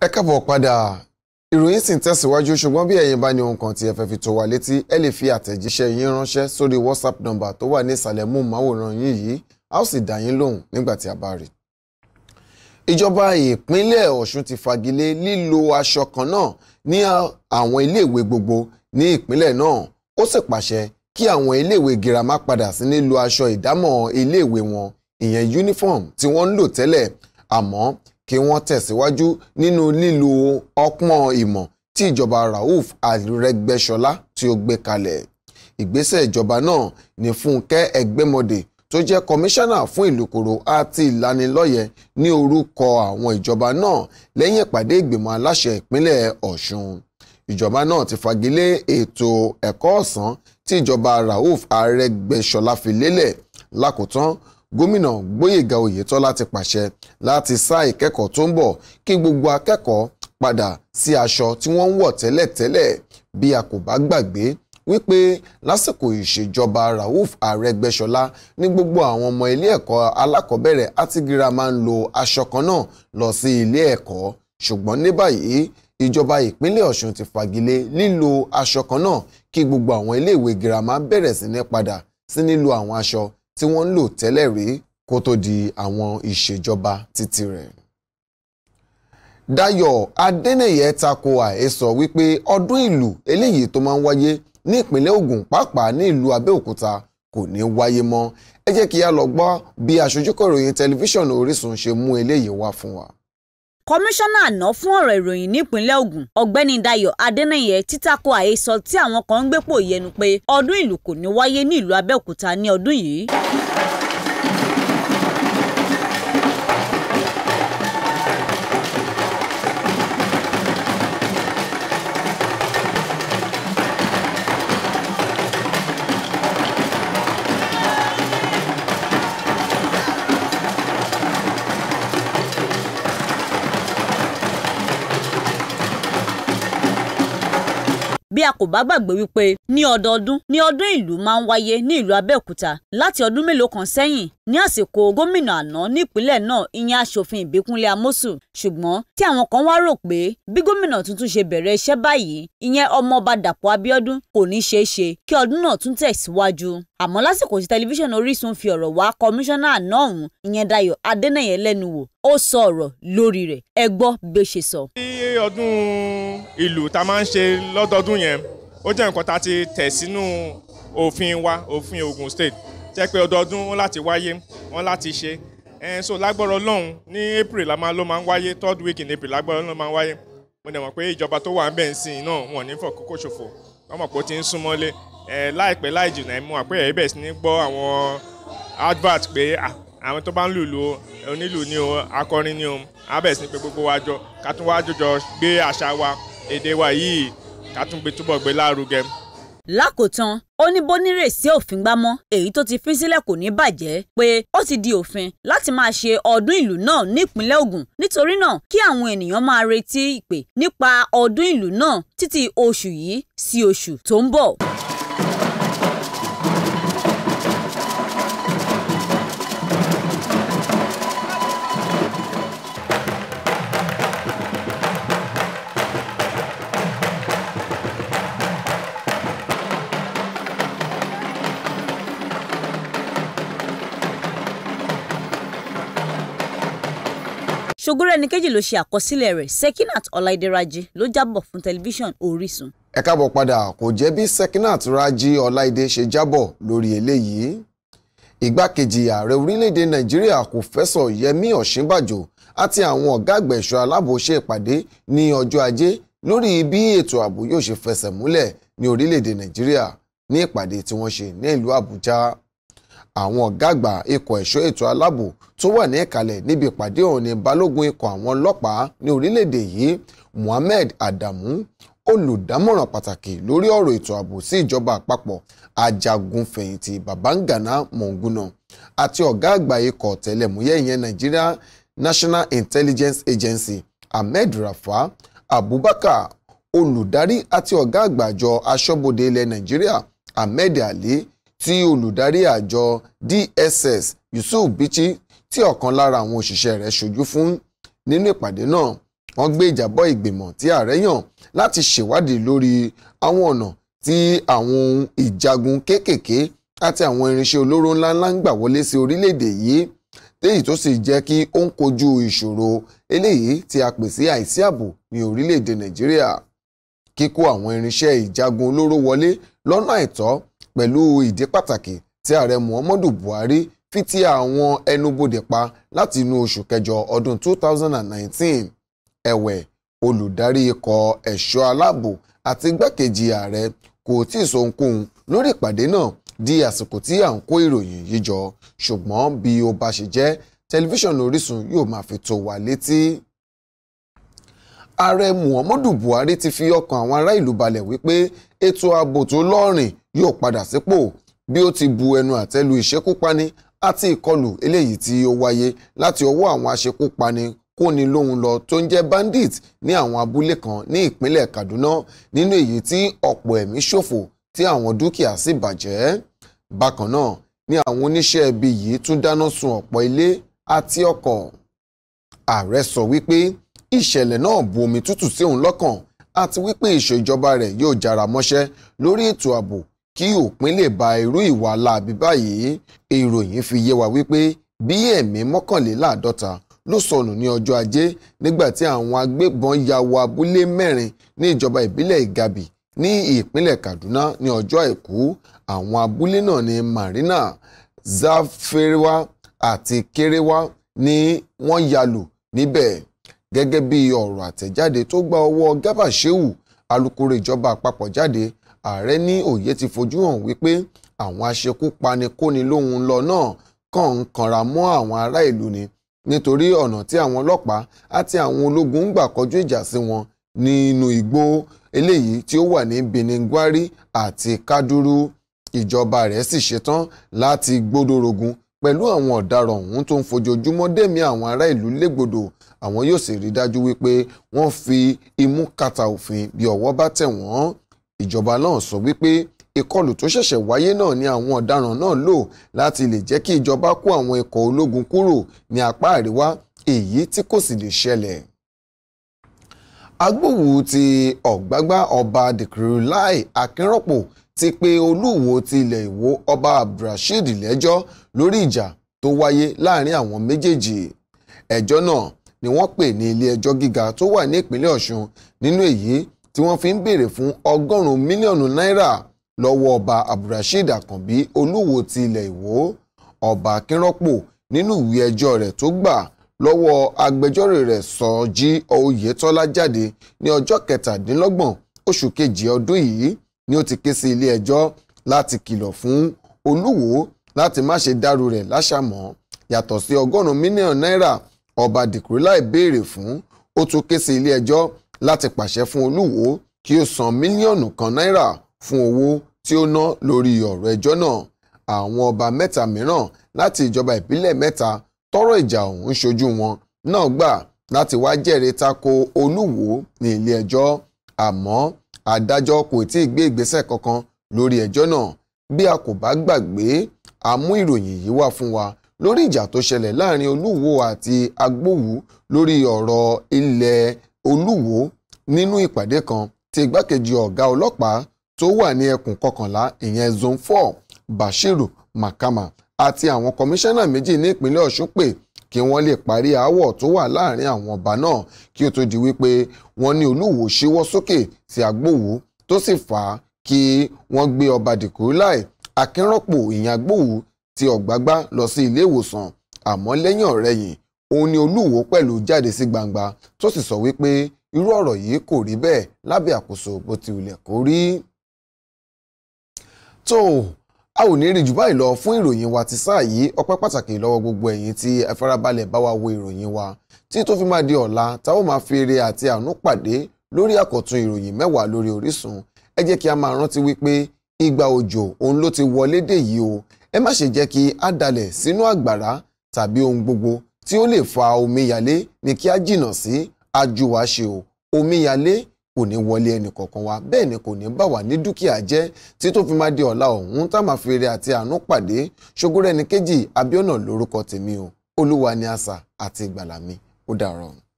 ẹ kábọ̀ padà ìròyìn sì ń tẹ̀síwájú ṣùgbọ́n bí ẹ̀yin bá ní ohun kan tí ẹ fẹ́ fi tó wa létí ẹ lè fi àtẹ̀jíṣẹ́ yín ránṣẹ́ sórí whatsapp number, tó wà ní ìsàlẹ̀ mú màwòrán yín yìí a ó sì dá yín lóhùn nígbà tí a bá rí. ìjọba ìpínlẹ̀ ọ̀ṣun ti fagilé lílo aṣọ kan náà ní àwọn iléèwé gbogbo ní ìpínlẹ̀ náà ó sì pàṣẹ kí àwọn iléèwé girama padà sí ní aṣọ ìdámọ̀ iléèwé wọn ìyẹn uniform tí wọ́n ń lò tẹ́lẹ̀ àmọ́ kí wọ́n tẹ̀síwájú nínú lílo ọpọ́n ìmọ̀ tí ìjọba Rauf Arẹ́gbẹ́ṣọlá tí ó gbé kalẹ̀ ìgbésẹ̀ ìjọba náà ní Fúnkẹ́ Ẹgbẹ́mọdé tó jẹ́ kọmíṣánná fún ìlòkòrò àti ìlanilọ́yẹ̀ ní orúkọ àwọn ìjọba náà lẹ́yìn ìpàdé ìgbìmọ̀ aláṣẹ ìpínlẹ̀ Ọ̀ṣun ìjọba náà ti fagilé ètò ẹ̀kọ́ ọ̀sán tí ìjọba Rauf Arẹ́gbẹ́ṣọlá fi lélẹ̀ lákòótán gómìnà Gbóyèga Oyètọ́lá ti pàṣẹ láti sáà ìkẹ́kọ̀ọ́ tó ń bọ̀ kí gbogbo akẹ́kọ̀ọ́ padà sí aṣọ tí wọ́n ń wọ̀ tẹ́lẹ̀tẹ́lẹ̀ bí a kò bá gbàgbé wípé lásìkò ìṣèjọba Rauf Arẹ́gbẹ́ṣọlá ní gbogbo àwọn ọmọ ilé ẹ̀kọ́ alákọ̀ọ́bẹ̀rẹ̀ àti girama ń lo aṣọ kan náà lọ sí ilé ẹ̀kọ́ ṣùgbọ́n ní báyìí ìjọba ìpínlẹ̀ Ọ̀ṣun ti fagilé lílo aṣọ kan náà kí gbogbo àwọn iléèwé girama bẹ̀rẹ̀ sí ní padà sí nílò àwọn aṣọ tí wọ́n ń lò tẹ́lẹ̀ rí kó tó di àwọn ìṣèjọba títí rẹ̀. Dayọ̀ Adénìyẹ tako àhesọ wípé ọdún ìlú eléyìí tó máa ń wáyé ní ìpínlẹ̀ Ògùn pàápàá ní ìlú Abẹ́òkúta kò ní wáyé mọ́ ẹ jẹ́ kí a lọ gbọ́ bí aṣojúkọ̀ ìròyìn tẹlifíṣàn Orísun ṣe mú eléyìí wá fún wa kọmíṣánná àná fún ọ̀rọ̀ ìròyìn nípínlẹ̀ Ògùn ọ̀gbẹ́ni Dayọ̀ Adéníyẹ títako àhesọ tí àwọn kan ń gbépò yẹnu pé ọdún ìlú kò ní wáyé ní ìlú Abẹ́òkúta ní ọdún yìí a kò bá gbàgbé wípé ní ọdọọdún ní ọdún ìlú máa ń wáyé ní ìlú Abẹ́òkúta láti ọdún mélòó kan sẹ́yìn ní àsìkò gómìnà àná nípínlẹ̀ náà ìyẹn aṣòfin Ìbíkúnlé Amósù ṣùgbọ́n tí àwọn kan wá rò pé bí gómìnà tuntun ṣe bẹ̀rẹ̀ iṣẹ́ báyìí ìyẹn ọmọọba Dàpọ̀ Abíọ́dún kò ní ṣeé ṣe kí ọdún náà tún tẹ̀síwájú àmọ́ lásìkò tí tẹlifíṣàn Orísun fi ọ̀rọ̀ wá kọmíṣánná àná ọ̀hún ìyẹn Dayọ̀ Adénàyẹ lẹ́nu wò ó sọ ọ̀rọ̀ lórí rẹ̀ ẹ gbọ́ bẹ́ ṣe sọ. ní ọdún ìlú tá a máa ń ṣe lọ́dọọdún yẹn ó jẹ́ nǹkan tá ti tẹ̀ sínú òfin wa òfin Ogun State jẹ́ pé ọdọọdún wọn láti wáyé wọn láti ṣe ẹn so lágbọ́rọ̀ lọ́hùn ní April la máa ló máa ń wáyé third week in April lágbọ́rọ̀ ló máa ń wáyé mo dẹ̀ mọ̀ pé ìjọba tó wà ń bẹ̀ ń sìn náà wọn ò ní fọ̀kókó ṣòfò wọ́n mọ̀ pé ó ti ń súnmọ́lé láìpẹ́ láì jìnnà ẹ mú àpẹ ẹ bẹ̀rẹ̀ sí ní gbọ́ àwọn advert pé àwọn tó bá ń lùlù onílù ni o akọrin ni o á bẹ̀rẹ̀ sí ní pé gbogbo wa jọ ká tún wá jọjọ gbé àṣà wa èdè wa yìí ká tún gbé túbọ̀ gbé lárugẹ. lákòótán ó ní bónírèsí òfin gbámọ́ èyí tó ti fi sílẹ̀ kò ní bàjẹ́ pé ó ti di òfin láti máa ṣe ọdún ìlú náà nípínlẹ̀ Ògùn nítorí náà kí àwọn ènìyàn máa retí ìpè nípa ọdún ìlú náà títí oṣù yìí sí oṣù tó ń bọ̀. Ṣogórẹ́nikejì ló ṣe àkọsílẹ̀ rẹ̀ Sekinat Ọláìdẹ́rajì ló jábọ̀ fún tẹlifíṣàn Orísun. ẹ káàbọ̀ padà kò jẹ́ bí Sekinat Raji Ọláìdé ṣe jábọ̀ lórí eléyìí igbákejì ààrẹ orílẹ̀-èdè Nàìjíríà kò fẹ́sọ̀ Yẹmí Ọ̀ṣínbàjò àti àwọn ọ̀gá àgbà ẹ̀ṣọ́ aláàbò ṣe ìpàdé ní ọjọ́ ajé lórí bí ètò ààbò yóò ṣe fẹsẹ̀ múlẹ̀ ní orílẹ̀-èdè Nàìjíríà ní ìpàdé tí wọ́n ṣe ní ìlú Àbújá àwọn ọ̀gá àgbà ikọ̀ ẹ̀ṣọ́ ètò aláàbò tó wà ní ìkàlẹ̀ níbi ìpàdé ọ̀hún ní balógun ikọ̀ àwọn ọlọ́pàá ní orílẹ̀-èdè yìí Mohammed Adamu olùdámọ̀ràn pàtàkì lórí ọ̀rọ̀ ètò ààbò sí ìjọba àpapọ̀ ajagunfẹ̀yìntì Babangana Monguna àti ọ̀gá àgbà ikọ̀ ọ̀tẹlẹ̀múyẹ́ ìyẹn Nigeria National Intelligence Agency Ahmed Rafa Abubakar olùdarí àti ọ̀gá àgbà àjọ aṣọ́bodè ilẹ̀ Nigeria Ahmed Ali tí olùdarí àjọ DSS Yusuf Bichi tí ọ̀kan lára àwọn òṣìṣẹ́ rẹ̀ ṣojú fún nínú ìpàdé náà wọ́n gbé ìjábọ̀ ìgbìmọ̀ tí ààrẹ yàn láti ṣèwádìí lórí àwọn ọ̀nà tí àwọn ohun ìjagun kéékèèké àti àwọn irinṣẹ́ olóró ńláńlá ń gbà wọlé sí orílẹ̀-èdè yìí léyìí tó sì jẹ́ kí ó ń kojú ìṣòro eléyìí tí a pè sí àìsí ààbò ní orílẹ̀-èdè Nàìjíríà kíkó àwọn irinṣẹ́ ìjagun olóró wọlé lọ́nà àìtọ́ pẹ̀lú ìdí pàtàkì tí ààrẹ Muhammadu Buhari fi ti àwọn ẹnubodè pa láti inú oṣù kẹjọ ọdún 2019 ẹ̀wẹ̀ olùdarí ikọ̀ ẹ̀ṣọ́ aláàbò àti igbákejì ààrẹ kò tí ì sọ ohunkóhun lórí ìpàdé náà di àsìkò tí à ń kó ìròyìn yìí jọ ṣùgbọ́n bí ó bá ṣe jẹ́ tẹlifíṣàn Orísun yóò máa fi tó wa létí ààrẹ muhammadu buhari ti fi ọkàn àwọn ará ìlú balẹ̀ wípé ètò ààbò tó lọ́rìn yóò padà sípò bí ó ti bu ẹnu àtẹ́ lu ìṣekúpani àti ìkọlù eléyìí tí ó wáyé láti ọwọ́ àwọn aṣekúpani kóni lóhun lọ tó ń jẹ́ bandit ní àwọn abúlé kan ní ìpínlẹ̀ kaduna nínú èyí tí ọ̀pọ̀ ẹ̀mí ṣòfò tí àwọn dúkìá sì bàjẹ́ bákan náà ni àwọn oníṣẹ́ ibi yìí tún dáná sun ọ̀pọ̀ ilé àti ọkọ̀ ààrẹ sọ wípé ìṣẹ̀lẹ̀ náà bu omi tútù sí òun lọ́kàn àti wípé ìṣèjọba rẹ̀ yóò jára mọ́ṣẹ́ lórí ètò ààbò kí òpin lè ba irú ìwà láabi báyìí ìròyìn fi yé wa wípé bí ẹ̀mí mọ́kànléláàádọ́ta ló sọnù ní ọjọ́ ajé nígbà tí àwọn agbébọn ya wọ abúlé mẹ́rin ní ìjọba ìbílẹ̀ Ìgàbì ní ìpínlẹ̀ Kaduna ní ọjọ́ àìkú àwọn abúlé náà ní Marina Zaferewa àti Kerewa ni wọ́n ya lù níbẹ̀ gẹ́gẹ́ bí ọ̀rọ̀ àtẹ̀jáde tó gba ọwọ́ Garba Shehu alukoro ìjọba àpapọ̀ jáde ààrẹ ní òye ti fojú hàn wípé àwọn aṣekúpani kóni lóhun lọ náà kàn ń kanra mọ́ àwọn ará ìlú ni nítorí ọ̀nà tí àwọn ọlọ́pàá àti àwọn ológun ń gbà kọjú ìjà sí wọn nínú igbó eléyìí tí ó wà ní Benin Gwari àti Kaduru ìjọba rẹ̀ sì ṣetán láti gbódò rogun pẹ̀lú àwọn ọ̀daràn ọ̀hún tó ń fojoojúmọ́ dẹ̀mí àwọn ará ìlú légbodò àwọn yóò sì rí dájú wípé wọ́n fi imú kàtà òfin bí ọwọ́ bá tẹ̀ wọ́n ìjọba náà sọ wípé ìkọlù tó ṣẹ̀ṣẹ̀ wáyé náà ni àwọn ọ̀daràn náà lò láti lè jẹ́ kí ìjọba kó àwọn ikọ̀ ológun kúrò ní apá àríwá èyí tí kò sì lè ṣẹlẹ̀. agbóhùn ti ọ̀gbágbá ọba dìkìrìláì akínrọ́pọ̀ ti pe olúwo ti ilẹ̀ ìwó ọba abdulrasheed lẹ́jọ́ lórí ìjà tó wáyé láàrin àwọn méjèèjì ẹjọ́ náà ni wọ́n pè ní ilé ẹjọ́ gíga tó wà ní ìpínlẹ̀ ọ̀ṣun nínú èyí tí wọ́n fi ń béèrè fún ọgọ́rùn-ún mílíọ̀nù náírà lọ́wọ́ ọba abdulrasheed àkànbí olúwo ti ilẹ̀ ìwó ọba akínrọ́pò nínú ìwé ẹjọ́ rẹ̀ tó gbà lọ́wọ́ agbẹjọ́rò rẹ̀ sọ́jí oyetola jáde ní ọjọ́ kẹtàdínlọ́gbọ̀n oṣù kejì ọdún yìí ni ó ti ké sí ilé ẹjọ́ láti kìlọ̀ fún olúwo láti má ṣe dárú rẹ̀ láṣàmọ́ yàtọ̀ sí ọgọ́rùn-ún mílíọ̀nù náírà ọba dìkúríláì béèrè fún ó tún ké sí ilé ẹjọ́ láti pàṣẹ fún olúwo kí ó san mílíọ̀nù kan náírà fún owó tí ó ná lórí ọ̀rọ̀ ẹjọ́ náà àwọn ọba mẹ́ta mìíràn láti ìjọba ìbílẹ̀ mẹ́ta tọ́rọ̀ ìjà ọ̀hún ṣojú wọn náà gbà láti wá jẹ́rìí tako olúwo ní ilé ẹjọ́ àmọ́ adájọ́ kò tí ì gbé ìgbésẹ̀ kankan lórí ẹjọ́ náà bí a kò bá gbàgbé àmú ìròyìn yìí wá fún wa lórí ìjà tó ṣẹlẹ̀ láàrin olúwo àti agbówu lórí ọ̀rọ̀ ilẹ̀ olúwo nínú ìpàdé kan tí igbákejì ọ̀gá ọlọ́pàá tó wà ní ẹkùn kọkànlá ìyẹn zone four bashiru makama àti àwọn kọmíṣánná méjì ní ìpínlẹ̀ ọ̀ṣun pè kí wọ́n lè parí aáwọ̀ tó wà láàrin àwọn ọba náà kí ó tó di wípé wọ́n ní olúwo ṣíwọ́ sókè sí agbóhùn tó sì fà á kí wọ́n gbé ọba dìkúrú láì akínrọ́pò ìyẹn agbóhùn ti ọ̀gbágbá lọ sí ilé ìwòsàn àmọ́ lẹ́yìn ọ̀rẹ́yìn òun ni olúwo pẹ̀lú jáde sí gbangba tó sì sọ wípé irú ọ̀rọ̀ yìí kò rí bẹ́ẹ̀ lábẹ́ àkóso bó ti wulẹ̀ kó rí. tó o a ò ní rí jù báyìí lọ fún ìròyìn wa ti sáà yìí ọpẹ́ pàtàkì lọ́wọ́ gbogbo ẹ̀yin tí ẹ farabalẹ̀ bá wa wo ìròyìn wa tí tó fi máa di ọ̀la tá ó máa fi ire àti àánú pàdé lórí àkọ̀tun ìròyìn mẹ́wàá lórí Orísun ẹ jẹ́ kí a máa rántí wípé ìgbà òjò òun ló ti wọlé dé yìí o ẹ má ṣe jẹ́ kí á dalẹ̀ sínú àgbàrá tàbí ohun gbogbo tí ó lè fa omíyalé ní kí á jìnnà sí ajúwa ṣe o omíyalé kò ní wọlé ẹnì kọ̀ọ̀kan wa bẹ́ẹ̀ ni kò ní bà wá ní dúkìá jẹ́ tí tó fi máa di ọ̀la ọ̀hún tá máa fèrè àti àánú pàdé ṣogúnrẹ́ni kejì Abíọ́nà lórúkọ tèmi o olúwa ni àṣà àti ìgbàlà mi ó dàárọ̀.